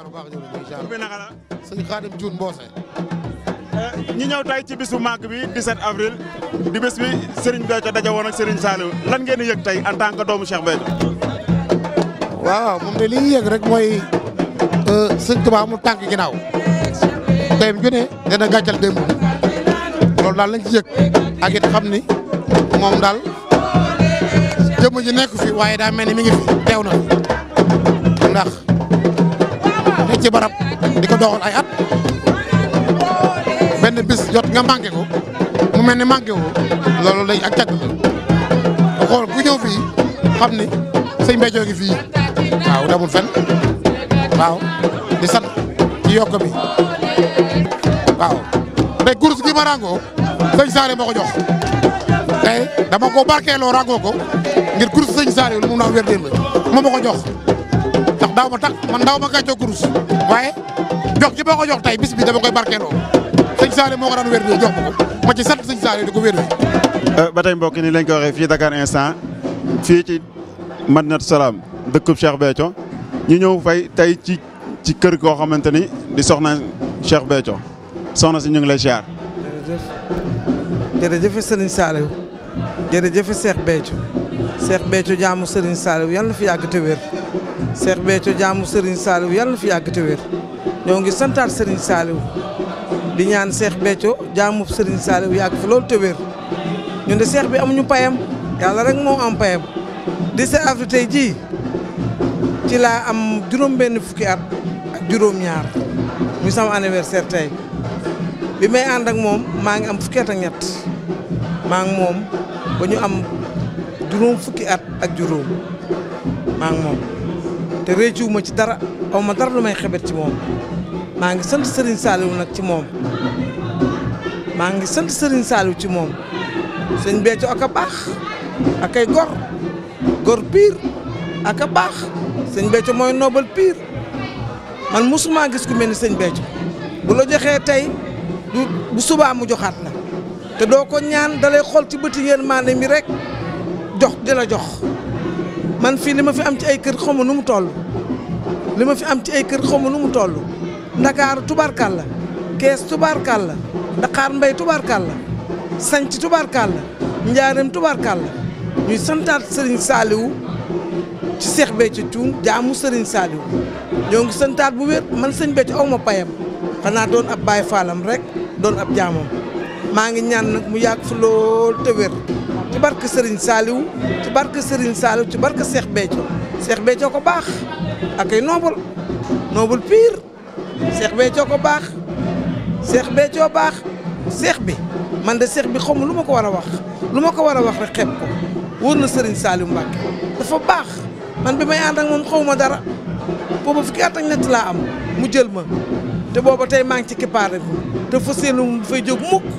ziar bu baax ñu ngi ziar bi naka Mboose eh, ñu ñëw tay ci bisu màgg bi 17 avril di bés bi Serigne Béthio daje woon ak Serigne Saliou lan ngeen yëg tey en tant que doomu Cheikh Béthio waaw moom de li yëg rek mooy sëñ Tuubaa mu tànk ginnaaw tey mu junne dana gàccal démb loolu daal lañ ci yëg ak it xam ni moom daal jëmm nekk fi waaye daa mel ni mi ngi fi teew na ndax ci barab di ko doxal ay at ne bis jot nga manqué ko mu mel ni manqué loolu lay ak càgg la xool bu ñëw fii xam ni sëñ Béthio ngi fii waaw demul fen waaw di sant ci yokk bi waaw tey course gi ma ràngoo sëñ Saali ma ko jox tey dama ko barkeeloo ràngoo ko ngir course sëñ Saali lu mu naan wér-déen la ma ma ko jox man daaw ma tax man daaw ma gàccoo kurus waaye jox ji boo ko jox tey bis bi dama koy barkeeloo sëñ Saliou moo ko daan wér jox ma ko ma ci sant sëñ Saliou di ko wér euh, ba tey mbokk ni lañ ko waxee fii Dakar instant fii ci Madinatu Salaam dëkkub Cheikh Béthio ñu ñëw fay tey ci ci kër goo xamante ni di soxna Cheikh Béthio soxna si ñu ngi lay ziar. jërëjëf jërëjëf sëriñ Saliou jërëjëf Cheikh Béthio Cheikh Béthio jaamu sëriñ Saliou yàlla na fi yàgg te wér. Seex Béthio jaamu Serigne Saliou yàlla na fi yàgg te wér ñoo ngi santaat Serigne Saliou di ñaan Seex Béthio jaamu Serigne Saliou yàgg fi loolu te wér ñun seex bi amuñu payam yàlla rek moo am payam 17 avril tey jii ci laa am juróom-benn fukki at ak juróom-ñaar muy sama anniversaire tey bi may ànd ak moom maa ngi am fukki at ak ñett moom ba ñu am juróom fukki at ak juróom moom. te réccuwuma ci dara aw ma dara lu may xebet ci moom maa ngi sant Serigne Saliou nag ci moom maa ngi sant Serigne Saliou ci moom sëñ Béthio ak a baax ak ay gor gor pire ak abaax baax sëñ Béthio mooy noobal pire man mosuma gis ku mel ni sëñ Béthio bu la joxee tey du bu subaa mu joxaat la te doo ko ñaan dalay xool ci bëti yéen maane mi rek jox di la jox man fii li ma fi am ci ay kër xaw ma nu mu toll li ma fi am ci ay kër xaw ma nu mu toll ndakaaru tubaarkàl la kees tubaarkàl la daqaar mbay tubaarkàl la sanc tubaarkàl la njaareem tubaarkàl ñuy santaat sëriñ saaliwu ci seex becco cuun jaamu sëriñ saaliwu ñoo ngi santaat bu wér man sëñ becco aw ma payam xanaa doon ab baay faalam rek doon ab jaamam maa ngi ñaan nag mu yàgg fi lool te wér ci barke Serigne saaliw ci barke Serigne Saliou ci barke Cheikh Béthio Cheikh Béthio ko baax ak ay noble noble pire Cheikh Béthio ko baax Cheikh Béthio baax Cheikh bi man de Cheikh bi xaw ma lu ma ko war a wax lu ma ko war a wax rek xeeb ko wóor na Serigne Saliou Mbacké dafa baax man bi may ànd ak moom xaw ma dara booba fukki at ak ñett laa am mu jël ma te booba tey maa ngi ci kippaare bi te fas yéene mu fay jóg mukk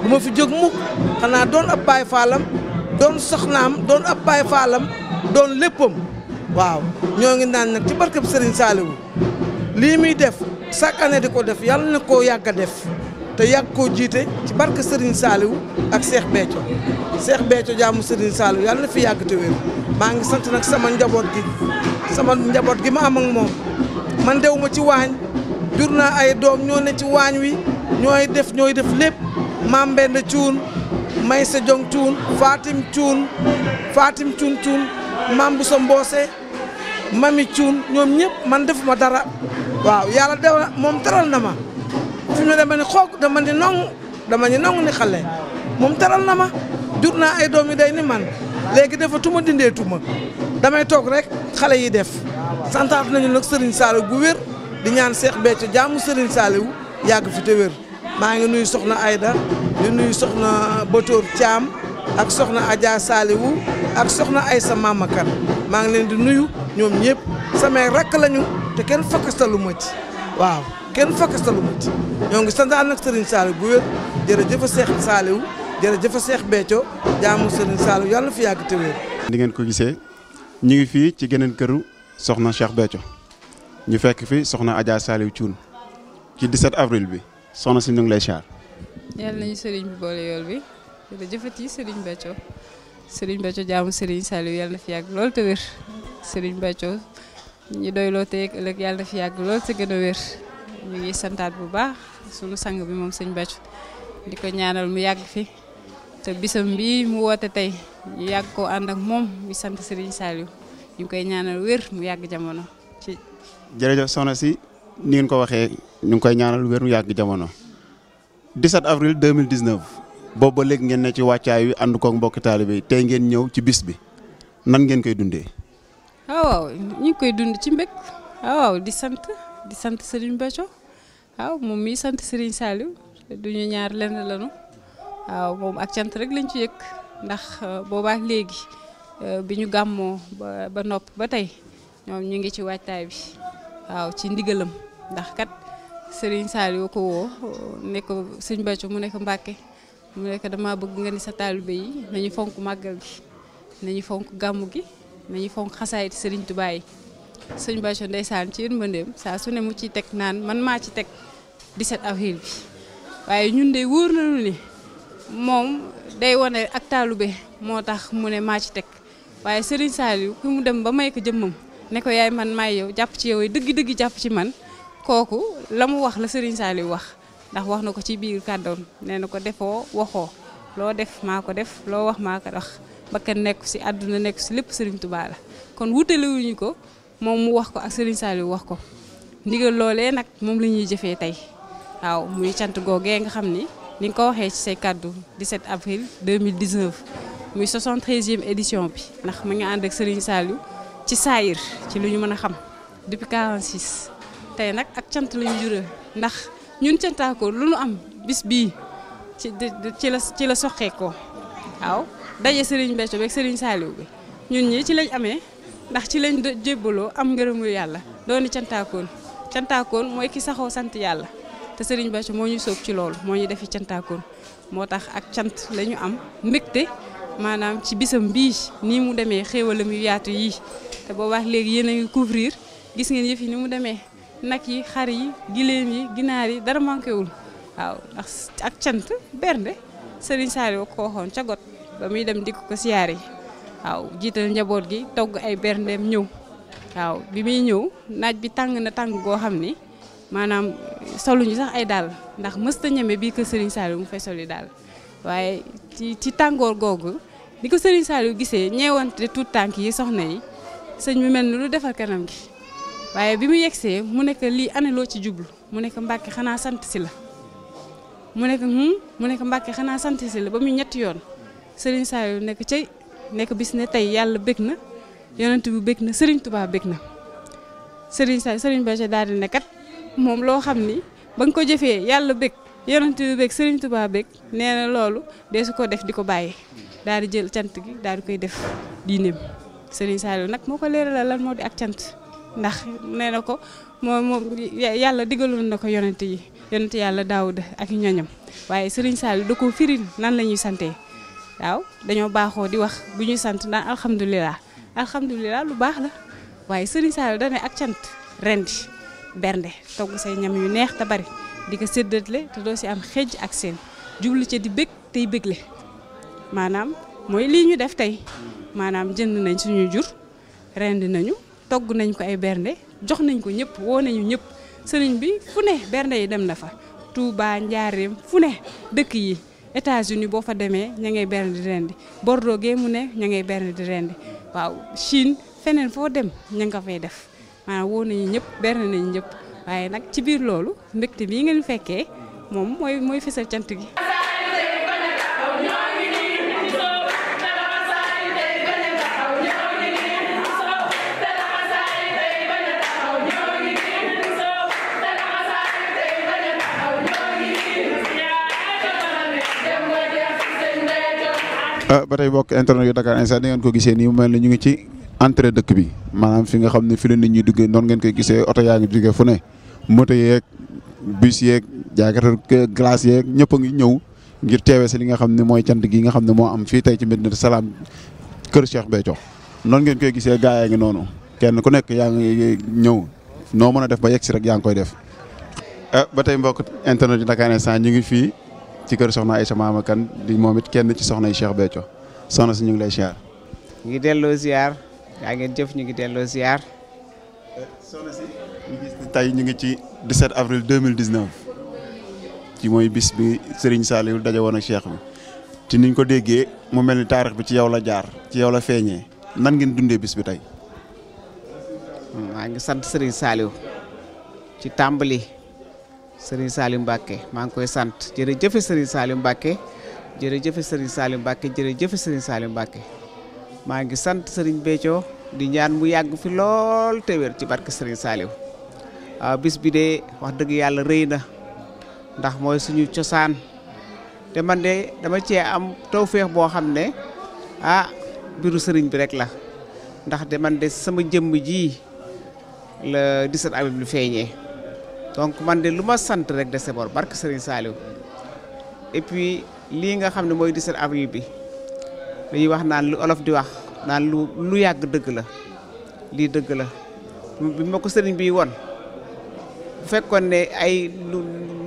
du ma fi jóg mukk xanaa doon ab baay faalam doon soxnaam doon ab baay faalam doon léppam waaw ñoo ngi naan nag ci barkeb Serigne Saliou lii muy def chaque année di ko def yàlla na koo yàgg a def te yàgg koo jiite ci barke Serigne Saliou ak Cheikh Béthio Cheikh Béthio jaamu Serigne Saliou yàlla na fi yàgg te wér maa ngi sant nag sama njaboot gi sama njaboot gi ma am moom man dew ma ci waañ jur naa ay doom ñoo ne ci waañ wi ñooy def ñooy def lépp Mame Mbend Thioune Maysa Diong Thioune faatim Thioune Fatim Thioune Thioune Mame Bousso Mbossé Mami Thioune ñoom ñëpp man defuma dara waaw yàlla de moom teral na ma fi mu dama ni xoog dama ni nong dama ni nong ni xale moom teral na ma jur naa ay doom yu day ni man léegi dafa tuma dindee tuma damay toog rek xale yi def santaat nañu nag Serigne Saliou gu wér di ñaan Cheikh Béthio jaamu Serigne Saliou yàgg fi te wér maa ngi nuyu soxna Aida di nuyu soxna Batoor Thiam ak soxna Adja Saliwu ak soxna Aysa Mamakan maa ngi leen di nuyu ñoom ñëpp samay rakk lañu te kenn fakkastalu ci waaw kenn fakkastalu ma ci ñoo ngi santaan nag Serigne Saliou bu wér jërëjëf Seex Saliou jërëjëf Seex Béthio jaamu Serigne Saliou yàlla na fi yàgg te ngeen ko gisee ñu ngi fii ci geneen këru soxna Cheikh Béthio ñu fekk fi soxna Adja Saliou Thioune ci 17 avril bi. soxna si ñu ngi lay siyaar. yalla nañu serigne bi boole yool bi da jëfëti serigne Bethio serigne Bethio jaamu serigne Saliou yalla fi yag lool te wër serigne Bethio ñi doylo te ak ëlëk yalla fi yag lool te gëna wër wér ñu ngi santat bu baax suñu sang bi moom serigne Bethio diko ñaanal mu yag fi te bisam bi mu wote tay ñu yàgg koo ànd ak moom mi sant serigne Saliou ñu koy ñaanal wër mu yag jamono ci. jërëjëf soxna si. ni ngeen ko waxee ñu ngi koy ñaanal wéru yàgg jamono 17 avril 2019 boobu ba léegi ngeen ne ci wàccaay wi ànd koog mbokki taalibe yi tey ngeen ñëw ci bis bi nan ngeen koy dundee. Ah waaw ñu ngi koy dund ci mbég ah waaw di sant di sant Serigne Bethio waaw ah moom mii sant Serigne Saliou duñu ñaar lenn lanu waaw moom ak sant rek lañ ci yëg ndax boobaa léegi bi ñu gàmmoo ba nopp ba tey ñoom ñu ngi ci waajtaay bi. waaw ci ndigalam ndax kat Serigne Saliou ko woo ne ko sëñ Béthio mu nekk ko mu nekk ko dama bëgg nga ni sa taalibe yi nañu fonk màggal gi nañu fonk gàmmu gi nañu fonk xasaayit Serigne Touba yi sëñ Béthio ndeysaan ci yërmandeem saa su ne mu ci teg naan man maa ci teg 17 avril bi waaye ñun de wóor nañu ni moom day wane ak taalibe moo tax mu ne maa ci teg waaye Serigne Saliou ku mu dem ba may ko jëmmam ne ko yaay man maay yow jàpp ci yow dëgg-dëgg jàpp ci man kooku la mu wax la Serigne Saliou wax ndax wax na ko ci biir kàddoom nee na ko defoo waxoo loo def maa ko def loo wax maa ko wax bakkan nekku si àdduna nekku si lépp Serigne Touba la kon wutalewuñu ko moom mu wax ko ak Serigne Saliou wax ko ndigal loolee nag moom la ñuy jëfee tey waaw muy cant googee nga xam ni ni nga ko waxee ci say kàddu 17 avril 2019 muy 73e édition bi ndax mu ngi ànd Serigne Saliou. ci saayir ci lu ñu mën a xam depuis 46 tey nag ak cant lañu juree ndax ñun cantaakoo lu nu am bis bii ci ci la ci la soqeekoo waaw daje Serigne Béthio beeg Serigne Saliou bi ñun ñii ci lañ amee ndax ci lañ jébbaloo am ngërëmul yàlla dooni cantaakoon cantaakoon mooy ki saxoo sant yàlla te Serigne Béthio moo ñu sóob ci loolu moo ñu defi cantaakoon moo tax ak cant lañu am mbégte maanaam ci bisam bi ni mu demee xéewalam yu yaatu yi te boobaax léegi yéen couvrir gis ngeen yëf yi ni mu demee nag yi xar yi giléem yi ginaar yi dara manqué wul waaw ak cant bernde sëriñ Saliou ko waxoon ba muy dem dikk ko siyaare waaw jiital njaboot gi togg ay berndeem ñëw waaw bi muy ñëw naaj bi tàng na tàng goo xam ni maanaam soluñu sax ay daal ndax mësta ñeme bii ko sëriñ Saliou mu fay soli daal waaye ci ci tàngoor googu di ko Serigne Saliou gisee ñeewante tuut tànk yi soxna yi sëñ bi mel ni lu defar kanam gi waaye bi mu yegsee mu nekk lii ana loo ci jublu mu nekk Mbàkke xanaa sant si la mu nekk hmm, mu nekk Mbàkke xanaa sant la ba mu ñetti yoon sëriñ Saliou nekk ci nekk bis ne tey yàlla bég na yonent bu bég na sëriñ tubaab bég na Serigne Saliou Serigne Béthio daal di ne moom loo xam ni ba nga ko jëfee yàlla bég yonent bi beeg sëriñ Tuubaa beeg nee loolu dee su ko def di ko bàyyi daal di jël cant gi daal di koy def diineem sëriñ Saliou nag moo ko leeralal lan moo di ak cant ndax nee na ko moom moom yàlla digaloon na ko yonent yi yonent yàlla Daawuda ak ñoñam waaye sëriñ Saliou da koo firil nan la ñuy santee waaw dañoo baaxoo di wax bu ñuy sant naan alhamdulilah alhamdulilah lu baax la waaye sëriñ Saliou da ak cant rendi bernde togg say ñam yu neex te bari di ko séddale te doo si am xeej ak seen jublu ca di bëgg tey bégle maanaam mooy lii ñu def tey maanaam jënd nañ suñu jur rend nañu togg nañ ko ay bernde jox nañ ko ñëpp woo nañu ñëpp sëriñ bi fu ne bernde yi dem na fa tout Touba Njaareem fu ne dëkk yi États-Unis boo fa demee ña ngay bernde di rendi Bordeaux gee mu ne ña ngay bernde di rendi waaw Chine feneen foo dem ña nga def maanaam woo nañu ñëpp bernde nañu ñëpp waaye nag ci biir loolu mbégte bii ngeen fekkee moom mooy mooy fësal cant gi ah, ba tey bokk internet yu Dakar insa ni ngeen ko gisee nii mu mel ne ñu ngi ci entrée dëkk bi maanaam fi nga xam ne fi la nit ñi duggee noonu ngeen koy gisee oto yaa ngi jógee fu ne moto yeeg bus yeeg jaakaatal glace yeeg ñëpp a ngi ñëw ngir teewee si li nga xam ne mooy cant gi nga xam ne moo am fii tey ci Medinatoul Salam kër Cheikh Béthio noonu ngeen koy gisee gaa yaa ngi noonu kenn ku nekk yaa ngi ñëw noo mën a def ba yegg si rek yaa ngi koy def. Ah, ba tey mbokk internet yi Dakar Instant ñu ngi fii ci kër Soxna Aïcha Mama kan di moom it kenn ci soxna yi Cheikh Béthio soxna si ñu ngi lay ziar. yaa ngeen jëf ñu ngi delloo ziar. soxna ñu gis ne tey ñu ngi ci 17 avril ci mooy bis bi sëriñ Saliou daje woon a Cheikh bi ci niñ ko déggee mu mel ni taarix bi ci yow la jaar ci yow la feeñee nan ngeen dundee bis bi tey. maa ngi sant Serigne saaliw ci tàmbali Serigne Saliou Mbacke maa ngi koy sant jërëjëf Serigne Saliou Mbacke jërëjëf Serigne Saliou Mbacke jërëjëf Serigne Saliou Mbacke. maa ngi sant sëriñ Béthio di ñaan mu yàgg fi lool te wér ci barke sëriñ Saliou waaw bis bi de wax dëgg yàlla rëy na ndax mooy suñu cosaan te man de dama cee am tawféex boo xam ne ah mbiru sëriñ bi rek la ndax de man de sama jëmm jii la di sat abib lu feeñee donc man de lu ma sant rek de sebor barke sëriñ saaliw et lii nga xam ne mooy di sat avril bi dañuy wax naan lu olof di wax naan lu lu yàgg dëgg la lii dëgg la bi ma ko sëriñ bi won bu fekkoon ne ay lu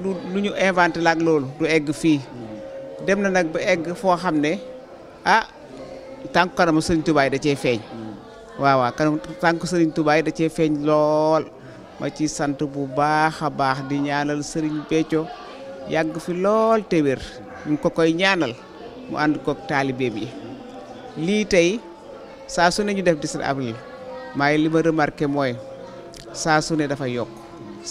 lu ñu invante la ak loolu du egg fii dem na nag bu egg foo xam ne a ah, tànk kanamu sëriñ tubaay da cee feeñ waaw waaw kanam tànk sëriñ tubaay da cee feeñ lool ma ci sant bu baax a baax di ñaanal sëriñ Béthio yàgg fi lool te wér ko koy ñaanal mu ànd koog taalibee bi lii tey saa su ne ñu def 17 avril maay li ma remarqué mooy saa sune ne dafa yokk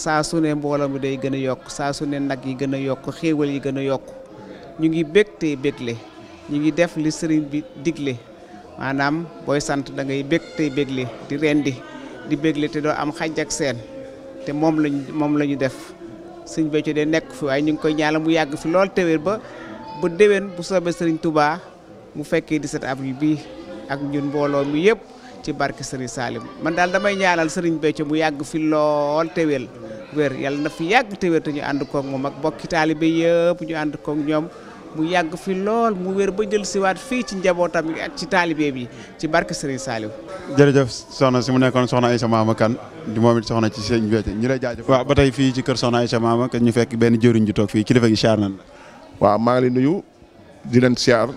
saa su mbooloo mi day gën a yokk saa su nag yi gën a yokk xéewal yi gën a yokk ñu ngi bég tey bégle ñu ngi def li sëriñ bi digle maanaam booy sant da ngay bég tey bégle di rendi di bégle te doo am xaj seen te moom lañ moom la ñu def sëñ Béthio dee nekk fi waaye ñu ngi koy ñaanal mu yàgg fi lool téwéer ba ba déwén bu soobee sëriñ Touba. mu fekke 17 avril bi ak ñun mbolo mi yëpp ci barke Serigne Salim man dal damay ñaanal Serigne Béthio mu yagg fi lol tewel wer yalla na fi yagg tewel te ñu ko ak mom ak bokki taalibe yëpp ñu ko ak ñom mu yagg fi lol mu wer ba jël wat fi ci njabootam ak ci bi ci barke Serigne Salim. jërëjëf soxna si mu nekkoon soxna Aïssa Mama kan di momit it soxna ci serigne Béthio ñu lay jaajëf. ciker batay fi kan ci keur soxna Aïssa Mama Kane ñu fekk ben jëriñ ju toog fii gi xaar nan wa ma ngi nuyu di len xaar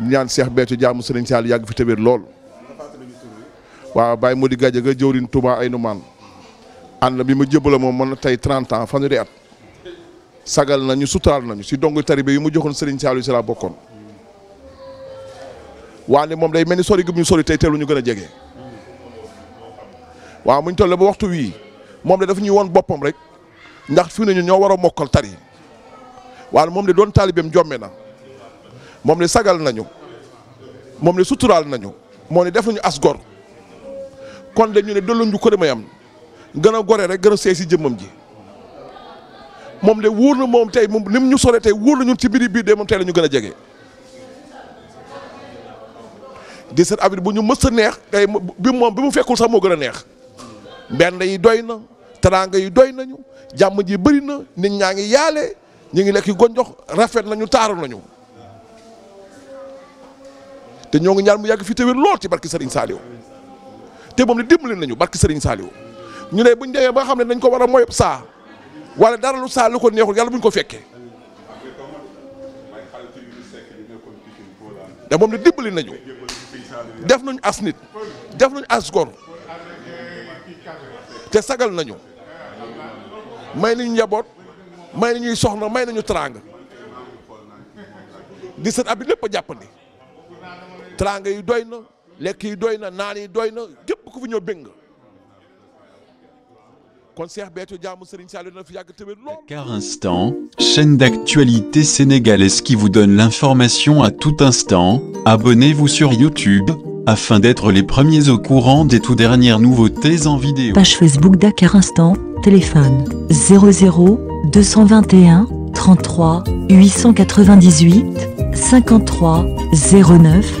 ñaan Seex Béthio jaamu Sëriñ Saal yàgg fi tëbéer lool waaw baay moo di Baye Mody Gadiaga jëwriñ Touba Aynoumane ànd bi ma jëbala moom mën na tey 30 ans fanweeri at sagal nañu sutaal nañu si dong taribe yi mu joxoon Sëriñ Saaliu si laa bokkoon waane moom day mel ni sori gi ñu sori tey teelu ñu gën a jege waaw muñ toll ba waxtu wii moom de dafa ñuy woon boppam rek ndax fi ne ñu ñoo war a mokkal tari waaye moom de doon taalibeem jomme na moom li sagal nañu moom li suturaal nañu moo ni defuñu asgor kon de ñu ne dollu ñu ko may am gën a gore rek gën a seey si jëmmam ji moom de wóor na moom tey moom lim ñu sore tey wuur na ñun ci mbiri biir de moom tey la gën a jege. 17 avril bu ñu mës a neex tey bi moom bi mu fekkul sax moo gën a neex benn yi doy na teraanga yi doy nañu jàmm ji bëri na nit ñaa ngi yaale ñu ngi lekk gonjox rafet nañu taaru nañu. te ñoo ngi ñaan mu yàgg fi te wér lool ci barki Serigne Saliou te moom ne dimbali nañu barki Serigne Saliou ñu ne bu ñu demee ba xam ne dañ ko war a moy saa wala dara lu saa lu ko neexul yàlla bu ñu ko fekkee te moom ne dimbali nañu def nañu as nit def nañu as gor te sagal nañu may nañu njaboot may nañuy soxna may nañu teraanga di seen ab bi a jàppandi. car Instant, chaîne d'actualité sénégalaise qui vous donne l'information à tout instant. Abonnez-vous sur YouTube afin d'être les premiers au courant des tout dernières nouveautés en vidéo. Page Facebook Dakar Instant, téléphone 00 221 33 898 53 09